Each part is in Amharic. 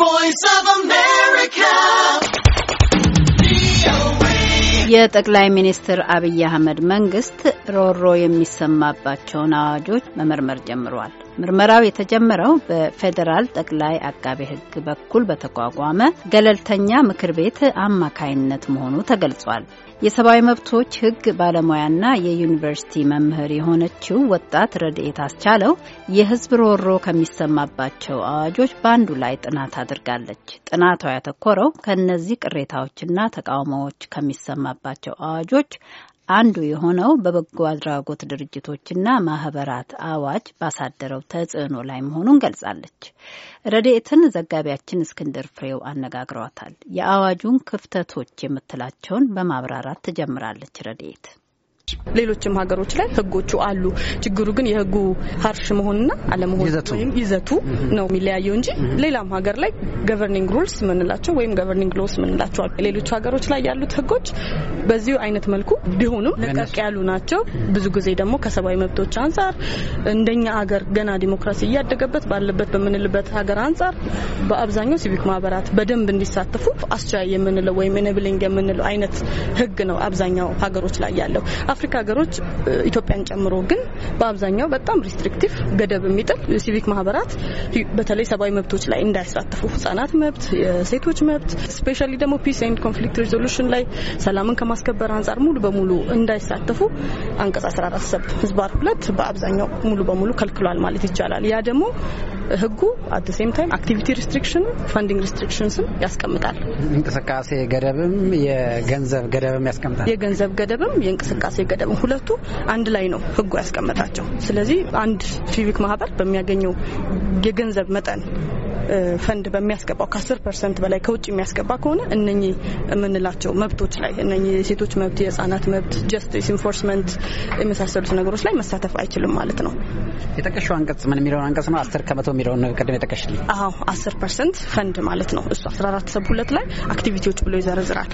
voice of America. የጠቅላይ ሚኒስትር አብይ አህመድ መንግስት ሮሮ የሚሰማባቸውን አዋጆች መመርመር ጀምሯል። ምርመራው የተጀመረው በፌዴራል ጠቅላይ አቃቤ ሕግ በኩል በተቋቋመ ገለልተኛ ምክር ቤት አማካይነት መሆኑ ተገልጿል። የሰብአዊ መብቶች ሕግ ባለሙያና የዩኒቨርሲቲ መምህር የሆነችው ወጣት ረድኤት አስቻለው የሕዝብ ሮሮ ከሚሰማባቸው አዋጆች በአንዱ ላይ ጥናት አድርጋለች። ጥናቷ ያተኮረው ከእነዚህ ቅሬታዎችና ተቃውሞዎች ከሚሰማባቸው አዋጆች አንዱ የሆነው በበጎ አድራጎት ድርጅቶችና ማህበራት አዋጅ ባሳደረው ተጽዕኖ ላይ መሆኑን ገልጻለች። ረድኤትን ዘጋቢያችን እስክንድር ፍሬው አነጋግሯታል። የአዋጁን ክፍተቶች የምትላቸውን በማብራራት ትጀምራለች። ረድኤት ሌሎችም ሀገሮች ላይ ህጎቹ አሉ። ችግሩ ግን የህጉ ሀርሽ መሆንና አለመሆን ወይም ይዘቱ ነው የሚለያየው እንጂ ሌላም ሀገር ላይ ገቨርኒንግ ሩልስ ምንላቸው ወይም ገቨርኒንግ ሎስ ምንላቸው ሌሎች ሀገሮች ላይ ያሉት ህጎች በዚሁ አይነት መልኩ ቢሆኑም ለቀቅ ያሉ ናቸው። ብዙ ጊዜ ደግሞ ከሰብአዊ መብቶች አንጻር እንደኛ ሀገር ገና ዲሞክራሲ እያደገበት ባለበት በምንልበት ሀገር አንጻር በአብዛኛው ሲቪክ ማህበራት በደንብ እንዲሳተፉ አስቻይ የምንለው ወይም ኢነብሊንግ የምንለው አይነት ህግ ነው አብዛኛው ሀገሮች ላይ ያለው። የአፍሪካ ሀገሮች ኢትዮጵያን ጨምሮ ግን በአብዛኛው በጣም ሪስትሪክቲቭ ገደብ የሚጥል ሲቪክ ማህበራት በተለይ ሰብአዊ መብቶች ላይ እንዳይሳተፉ ህጻናት መብት፣ የሴቶች መብት ስፔሻሊ ደግሞ ፒስ ኤንድ ኮንፍሊክት ሪዞሉሽን ላይ ሰላምን ከማስከበር አንጻር ሙሉ በሙሉ እንዳይሳተፉ አንቀጽ 14 ሰብ ህዝባር ሁለት በአብዛኛው ሙሉ በሙሉ ከልክሏል ማለት ይቻላል። ያ ደግሞ ህጉ አት ሴም ታይም አክቲቪቲ ሪስትሪክሽን ፋንዲንግ ሪስትሪክሽንስም ያስቀምጣል። እንቅስቃሴ ገደብም የገንዘብ ገደብም ያስቀምጣል። የገንዘብ ገደብም የእንቅስቃሴ ገደብም ሁለቱ አንድ ላይ ነው ህጉ ያስቀመጣቸው። ስለዚህ አንድ ሲቪክ ማህበር በሚያገኘው የገንዘብ መጠን ፈንድ በሚያስገባው ከአስር ፐርሰንት በላይ ከውጭ የሚያስገባ ከሆነ እነኚህ የምንላቸው መብቶች ላይ እነኚህ የሴቶች መብት፣ የህጻናት መብት፣ ጀስቲስ ኢንፎርስመንት የመሳሰሉት ነገሮች ላይ መሳተፍ አይችልም ማለት ነው። የጠቀሽው አንቀጽ ምን የሚለውን አንቀጽ ነው? አስር ከመቶ የሚለውን ቅድም የጠቀሽልኝ። አዎ አስር ፐርሰንት ፈንድ ማለት ነው እሱ አስራ አራት ሰብ ሁለት ላይ አክቲቪቲዎች ብሎ ይዘረዝራል።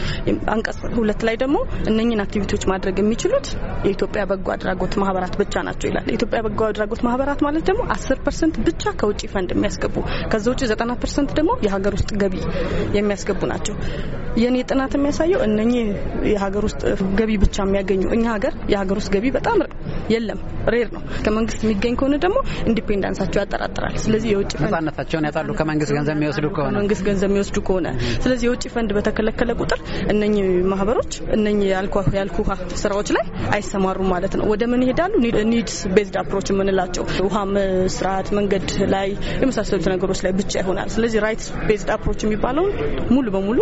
አንቀጽ ሁለት ላይ ደግሞ እነኚህን አክቲቪቲዎች ማድረግ የሚችሉት የኢትዮጵያ በጎ አድራጎት ማህበራት ብቻ ናቸው ይላል። የኢትዮጵያ በጎ አድራጎት ማህበራት ማለት ደግሞ አስር ፐርሰንት ብቻ ከውጭ ፈንድ የሚያስገቡ ከዚ ውጭ 90 ፐርሰንት ደግሞ የሀገር ውስጥ ገቢ የሚያስገቡ ናቸው። የእኔ ጥናት የሚያሳየው እነኚህ የሀገር ውስጥ ገቢ ብቻ የሚያገኙ እኛ ሀገር የሀገር ውስጥ ገቢ በጣም የለም። ሬር ነው። ከመንግስት የሚገኝ ከሆነ ደግሞ ኢንዲፔንዳንሳቸው ያጠራጥራል። ስለዚህ የውጭ ነጻነታቸውን ያጣሉ ከመንግስት ገንዘብ የሚወስዱ ከሆነ መንግስት ገንዘብ የሚወስዱ ከሆነ ስለዚህ የውጭ ፈንድ በተከለከለ ቁጥር እነኚህ ማህበሮች እነኚህ ያልኩ ስራዎች ላይ አይሰማሩም ማለት ነው። ወደ ምን ይሄዳሉ? ኒድስ ቤዝድ አፕሮች የምንላቸው ውሃ ስርዓት፣ መንገድ ላይ የመሳሰሉት ነገሮች ላይ ብቻ ይሆናል። ስለዚህ ራይት ቤዝድ አፕሮች የሚባለውን ሙሉ በሙሉ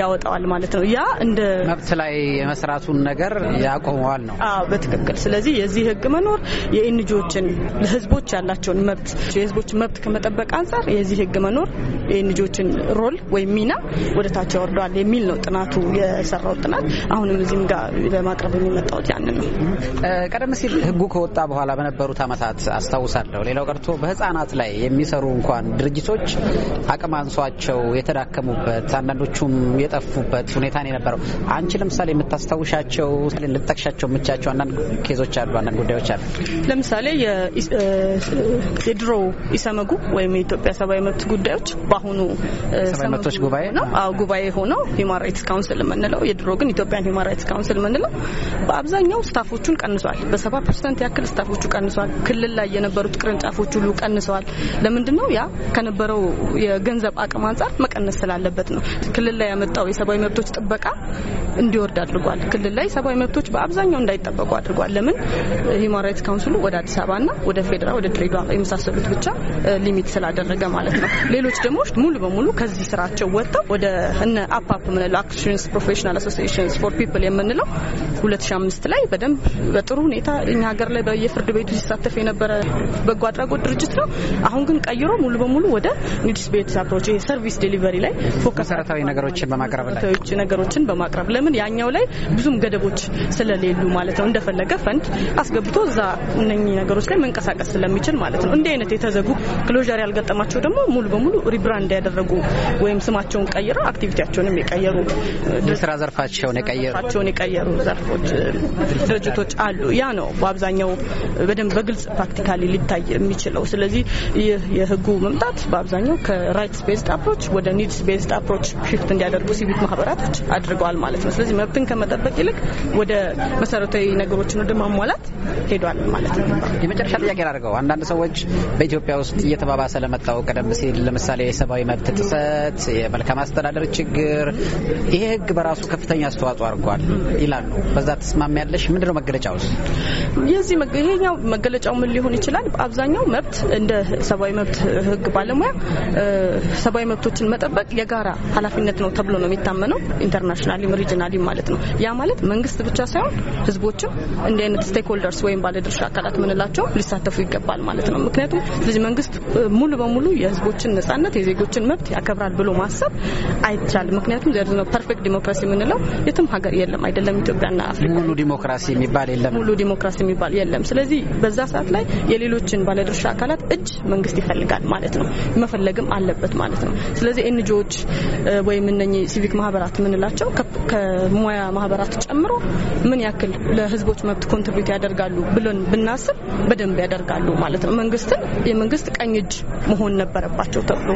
ያወጣዋል ማለት ነው። ያ እንደ መብት ላይ የመስራቱን ነገር ያቆመዋል ነው። አዎ በትክክል ስለዚህ የዚህ ህግ መኖር የኤንጂዎችን ለህዝቦች ያላቸውን መብት የህዝቦችን መብት ከመጠበቅ አንጻር የዚህ ህግ መኖር የኤንጂዎችን ሮል ወይም ሚና ወደ ታች ያወርደዋል የሚል ነው ጥናቱ የሰራው ጥናት። አሁንም እዚህም ጋር ለማቅረብ የሚመጣውት ያንን ነው። ቀደም ሲል ህጉ ከወጣ በኋላ በነበሩት አመታት አስታውሳለሁ። ሌላው ቀርቶ በህጻናት ላይ የሚሰሩ እንኳን ድርጅቶች አቅም አንሷቸው የተዳከሙበት አንዳንዶቹም የጠፉበት ሁኔታ ነው የነበረው። አንቺ ለምሳሌ የምታስታውሻቸው ልጠቅሻቸው የምቻቸው አንዳንድ ኬዞች አሉ፣ አንዳንድ ጉዳዮች አሉ። ለምሳሌ የድሮ ኢሰመጉ ወይም የኢትዮጵያ ሰብአዊ መብት ጉዳዮች በአሁኑ መብቶች ጉባኤ ነው። አዎ ጉባኤ ሆነው ሂውማን ራይትስ ካውንስል የምንለው የድሮ ግን ኢትዮጵያን ሂውማን ራይትስ ካውንስል የምንለው በአብዛኛው ስታፎቹን ቀንሷል። በሰባ ፐርሰንት ያክል ስታፎቹ ቀንሷል። ክልል ላይ የነበሩት ቅርንጫፎች ሁሉ ቀንሰዋል። ለምንድን ነው ያ ከነበረው የገንዘብ አቅም አንጻር መቀነስ ስላለበት ነው። ክልል ላይ ያመጣው የሰብአዊ መብቶች ጥበቃ እንዲወርድ አድርጓል። ክልል ላይ ሰብአዊ መብቶች በአብዛኛው እንዳይጠበቁ አድርጓል። ለምን ሂውማን የአንድነት ካውንስሉ ወደ አዲስ አበባና ወደ ፌዴራ ወደ ድሬዳዋ የመሳሰሉት ብቻ ሊሚት ስላደረገ ማለት ነው። ሌሎች ደግሞ ሙሉ በሙሉ ከዚህ ስራቸው ወጥተው ወደ እነ አፓፕ የምንለው አክሽንስ ፕሮፌሽናል አሶሲሽንስ ፎር ፒፕል የምንለው 2005 ላይ በደንብ በጥሩ ሁኔታ እኛ ሀገር ላይ በየፍርድ ቤቱ ሲሳተፍ የነበረ በጎ አድራጎት ድርጅት ነው። አሁን ግን ቀይሮ ሙሉ በሙሉ ወደ ኒድስ ቤት አፕሮች ይሄ ሰርቪስ ዴሊቨሪ ላይ ፎከስ መሰረታዊ ነገሮችን በማቅረብ ላይ ነገሮችን በማቅረብ ለምን ያኛው ላይ ብዙም ገደቦች ስለሌሉ ማለት ነው። እንደፈለገ ፈንድ አስገብቶ እዛ እነኚህ ነገሮች ላይ መንቀሳቀስ ስለሚችል ማለት ነው። እንዲህ አይነት የተዘጉ ክሎዥር ያልገጠማቸው ደግሞ ሙሉ በሙሉ ሪብራንድ ያደረጉ ወይም ስማቸውን ቀይረው አክቲቪቲያቸውንም የቀየሩ የስራ ዘርፋቸውን የቀየሩ ዘርፎች ድርጅቶች አሉ። ያ ነው በአብዛኛው በደንብ በግልጽ ፕራክቲካሊ ሊታይ የሚችለው። ስለዚህ ይህ የህጉ መምጣት በአብዛኛው ከራይትስ ቤዝድ አፕሮች ወደ ኒድስ ቤዝድ አፕሮች ሽፍት እንዲያደርጉ ሲቪክ ማህበራቶች አድርገዋል ማለት ነው። ስለዚህ መብትን ከመጠበቅ ይልቅ ወደ መሰረታዊ ነገሮችን ወደ ማሟላት ሄዷል። ይችላል ማለት ነው። የመጨረሻ ጥያቄ ላድርገው። አንዳንድ ሰዎች በኢትዮጵያ ውስጥ እየተባባሰ ለመጣው ቀደም ሲል ለምሳሌ የሰብአዊ መብት ጥሰት፣ የመልካም አስተዳደር ችግር ይሄ ህግ በራሱ ከፍተኛ አስተዋጽኦ አድርጓል ይላሉ። በዛ ያለሽ ምንድነው መገለጫው? የዚህ ይሄኛው መገለጫው ምን ሊሆን ይችላል? አብዛኛው መብት እንደ ሰብአዊ መብት ህግ ባለሙያ ሰብአዊ መብቶችን መጠበቅ የጋራ ኃላፊነት ነው ተብሎ ነው የሚታመነው ኢንተርናሽናሊም ሪጅናሊም ማለት ነው። ያ ማለት መንግስት ብቻ ሳይሆን ህዝቦችም እንዲህ አይነት ስቴክሆልደርስ ወይም ባለ ባለድርሻ አካላት ምንላቸው ሊሳተፉ ይገባል ማለት ነው። ምክንያቱም ስለዚህ መንግስት ሙሉ በሙሉ የህዝቦችን ነጻነት የዜጎችን መብት ያከብራል ብሎ ማሰብ አይቻልም። ምክንያቱም ዘር ነው ፐርፌክት ዲሞክራሲ የምንለው የትም ሀገር የለም አይደለም ኢትዮጵያና አፍሪካ ሙሉ ዲሞክራሲ የሚባል የለም ሙሉ ዲሞክራሲ የሚባል የለም። ስለዚህ በዛ ሰዓት ላይ የሌሎችን ባለድርሻ አካላት እጅ መንግስት ይፈልጋል ማለት ነው። መፈለግም አለበት ማለት ነው። ስለዚህ ኤንጂኦዎች ወይም እነኚህ ሲቪክ ማህበራት ምንላቸው ከሙያ ማህበራት ጨምሮ ምን ያክል ለህዝቦች መብት ኮንትሪቢዩት ያደርጋሉ ብሎ ብለን ብናስብ በደንብ ያደርጋሉ ማለት ነው። መንግስትን የመንግስት ቀኝ እጅ መሆን ነበረባቸው ተብሎ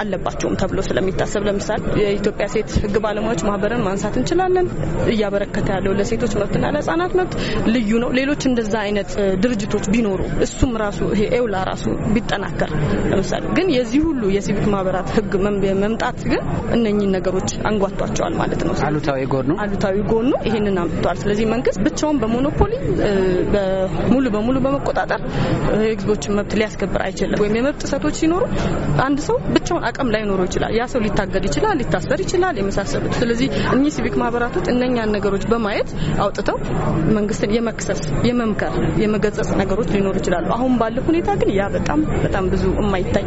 አለባቸውም ተብሎ ስለሚታሰብ ለምሳሌ የኢትዮጵያ ሴት ህግ ባለሙያዎች ማህበርን ማንሳት እንችላለን። እያበረከተ ያለው ለሴቶች መብትና ለህጻናት መብት ልዩ ነው። ሌሎች እንደዛ አይነት ድርጅቶች ቢኖሩ እሱም ራሱ ይሄ ኤውላ ራሱ ቢጠናከር ለምሳሌ ግን የዚህ ሁሉ የሲቪክ ማህበራት ህግ መምጣት ግን እነኚህን ነገሮች አንጓቷቸዋል ማለት ነው። አሉታዊ ጎኑ አሉታዊ ጎኑ ይህንን አምጥቷል። ስለዚህ መንግስት ብቻውን በሞኖፖሊ ሙሉ በሙሉ በመቆጣጠር የህዝቦችን መብት ሊያስከብር አይችልም። ወይም የመብት ጥሰቶች ሲኖሩ አንድ ሰው ብቻውን አቅም ላይኖረው ይችላል። ያ ሰው ሊታገድ ይችላል፣ ሊታሰር ይችላል፣ የመሳሰሉት። ስለዚህ እኚህ ሲቪክ ማህበራቶች እነኛን ነገሮች በማየት አውጥተው መንግስትን የመክሰስ የመምከር፣ የመገጸጽ ነገሮች ሊኖሩ ይችላሉ። አሁን ባለው ሁኔታ ግን ያ በጣም በጣም ብዙ የማይታይ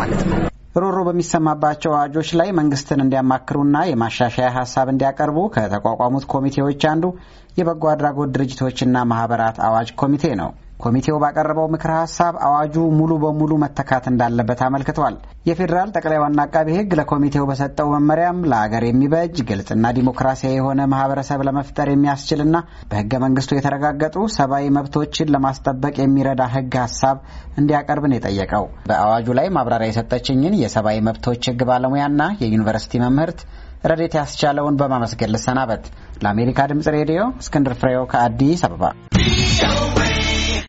ማለት ነው። ሮሮ በሚሰማባቸው አዋጆች ላይ መንግስትን እንዲያማክሩና የማሻሻያ ሀሳብ እንዲያቀርቡ ከተቋቋሙት ኮሚቴዎች አንዱ የበጎ አድራጎት ድርጅቶችና ማህበራት አዋጅ ኮሚቴ ነው። ኮሚቴው ባቀረበው ምክረ ሀሳብ አዋጁ ሙሉ በሙሉ መተካት እንዳለበት አመልክቷል። የፌዴራል ጠቅላይ ዋና አቃቤ ሕግ ለኮሚቴው በሰጠው መመሪያም ለአገር የሚበጅ ግልጽና ዲሞክራሲያዊ የሆነ ማህበረሰብ ለመፍጠር የሚያስችልና በህገ መንግስቱ የተረጋገጡ ሰብአዊ መብቶችን ለማስጠበቅ የሚረዳ ህግ ሀሳብ እንዲያቀርብ ነው የጠየቀው። በአዋጁ ላይ ማብራሪያ የሰጠችኝን የሰብአዊ መብቶች ህግ ባለሙያና የዩኒቨርሲቲ መምህርት ረዴት ያስቻለውን በማመስገን ልሰናበት። ለአሜሪካ ድምፅ ሬዲዮ እስክንድር ፍሬው ከአዲስ አበባ